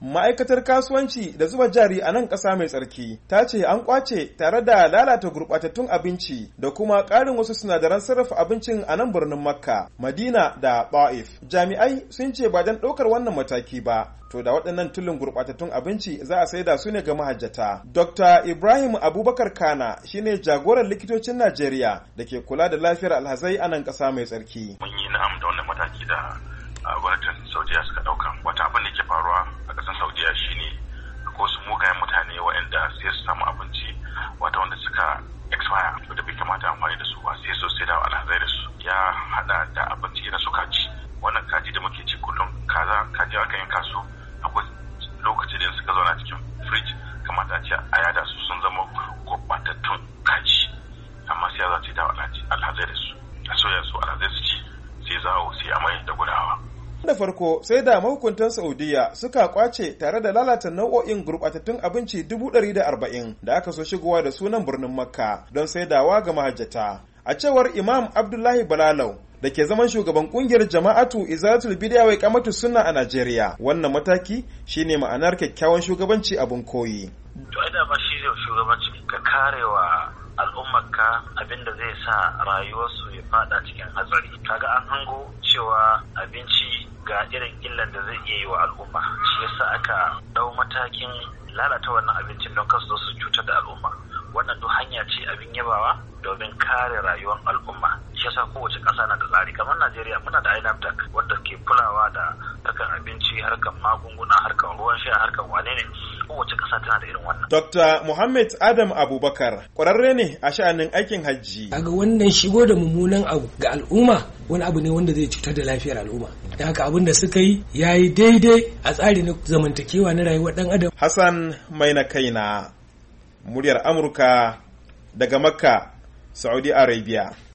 ma'aikatar kasuwanci da zuba jari a nan ƙasa mai tsarki ta ce an kwace tare da lalata gurɓatattun abinci da kuma ƙarin wasu sinadaran sarrafa abincin a nan birnin makka madina da ba'if jami'ai sun ce ba don ɗaukar wannan mataki ba to da waɗannan tulin gurɓatattun abinci za a saida su ne ga mahajjata. Dr. Ibrahim Abubakar Kana shine jagoran likitocin Najeriya da ke kula da lafiyar alhazai a nan ƙasa mai tsarki. Mun yi na'am da wannan mataki da gwamnatin Saudiya suka da sai su samu abinci wata wanda suka expire da bai kamata amfani da su ba sai su sai da alhazai da su ya hada da abinci na su kaji wannan kaji da muke ci kullum kaza kaji aka yanka su akwai lokacin da suka zauna cikin fridge kamata a ce a yada su sun zama gurbatattun kaji amma sai za su da alhazai da su a soya su alhazai su ci sai su sai amma da farko sai da mahukuntan Saudiya suka kwace tare da lalata nau'o'in gurɓatattun abinci dubu ɗari da arba'in da aka so shigowa da sunan birnin Makka don saidawa ga mahajjata. A cewar Imam Abdullahi Balalau, da ke zaman shugaban kungiyar jama'atu izalatul bidiya wai kamatu suna a Najeriya. Wannan mataki shine ma'anar kyakkyawan shugabanci abin koyi. ka al'ummarka abin da zai sa rayuwarsu ya fada cikin hatsari. ga an hango cewa abinci ga irin illan da zai iya yi wa al'umma shi yasa aka dau matakin lalata wannan abincin don kasu su cutar da al'umma wannan duk hanya ce abin yabawa domin kare rayuwar al'umma shi yasa kowace ƙasa na da tsari kamar najeriya muna da inaptac harkar magunguna harkar ruwan sha harkar wane ne kowace ƙasa tana da irin wannan. Dr. Muhammad Adam Abubakar ƙwararre ne a sha'anin aikin hajji. Daga wannan shigo da mummunan abu ga al'umma wani abu ne wanda zai cutar da lafiyar al'umma. Da haka abin da suka yi ya yi daidai a tsari na zamantakewa na rayuwar dan adam. Hassan mai na kaina muryar Amurka daga Makka, Saudi Arabia.